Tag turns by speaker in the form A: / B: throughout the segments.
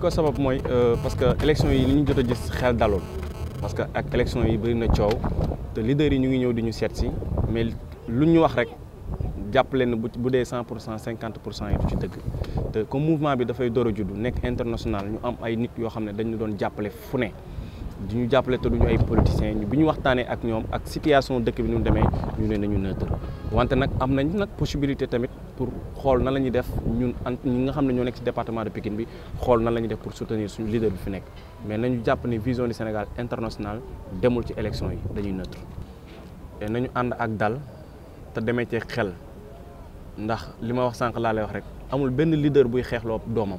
A: li ko sabab mooy euh, parce que élection yi li ñu jot a gis xel daloon parce que ak élection yi bari na coow te leader yi ñu ngi ñew di ñu setti mais lu ñu wax rek jàpp leen bu dé 100% 50% pour yi ci dëgg te comme mouvement bi da fay a juddu nek international ñu am ay nit yo xam ne dañu doon jappalé fu ne. di ñu jàppale te ñu ay politiciens bi ñu waxtaanee ak ñoom ak situation dëkk bi nu mu demee ñu ne nañu neutre wante nag am nañ nag possibilité tamit pour xool na la ñuy def ñun ant ñi nga xam ne ñoo nekk ci département de Pikine bi xool na la ñuy def pour soutenir suñu leader bi fi nekk mais nañu jàpp ne vision du Sénégal international demul ci élection yi dañuy neutre te nañu ànd ak dal te demee ci xel ndax li ma wax sànq laa lay wax rek amul benn leader buy xeexloo doomam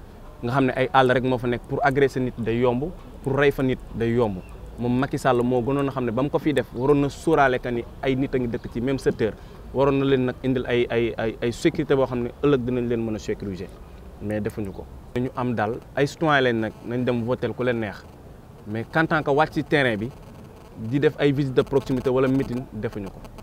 A: nga xam ne ay àll rek moo fa nekk pour sa nit day yomb pour rey fa nit day yomb moom Macky Sall moo gënoon a xam ne ba mu ko fiy def waroon na sóoraale que ni ay nit a ngi dëkk ci même secteur waroon na leen nag indil ay ay ay sécurité boo xam ne ëllëg dinañ leen mën a sécuriser mais defuñu ko. ñu am daal ay citoyen leen nag nañ dem votel ku leen neex mais en tant que wàcc ci terrain bi di def ay visite de proximité wala meeting defuñu ko.